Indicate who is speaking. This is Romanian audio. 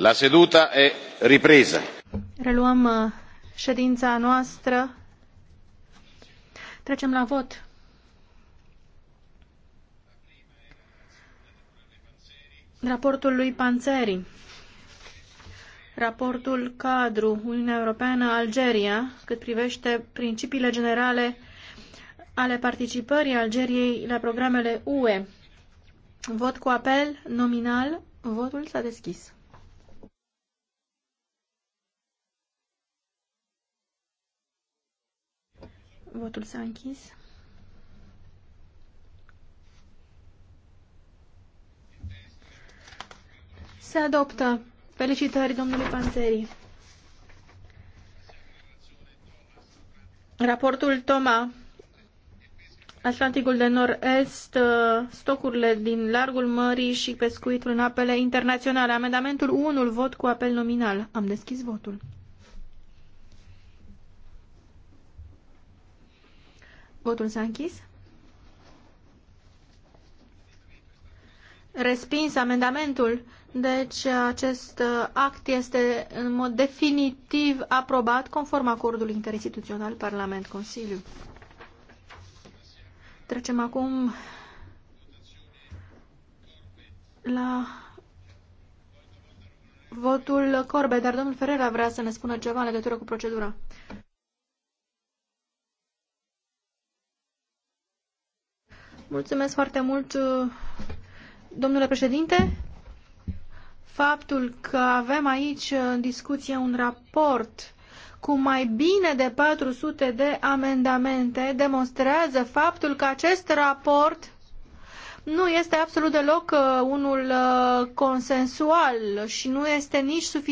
Speaker 1: La seduta e ripresa. Reluăm uh, ședința noastră. Trecem la vot. Raportul lui Panzeri. Raportul cadru Uniunea Europeană-Algeria, cât privește principiile generale ale participării Algeriei la programele UE. Vot cu apel nominal. Votul s-a deschis. Votul s-a închis. Se adoptă. Felicitări domnului Panzeri. Raportul Toma, Atlanticul de Nord-Est, uh, stocurile din largul mării și pescuitul în apele internaționale. Amendamentul 1, vot cu apel nominal. Am deschis votul. Votul s-a închis. Respins amendamentul. Deci acest uh, act este în mod definitiv aprobat conform acordului interinstituțional Parlament-Consiliu. Trecem acum la votul Corbe, dar domnul Ferreira vrea să ne spună ceva în legătură cu procedura. Mulțumesc foarte mult, uh, domnule președinte. Faptul că avem aici uh, în discuție un raport cu mai bine de 400 de amendamente demonstrează faptul că acest raport nu este absolut deloc uh, unul consensual și nu este nici suficient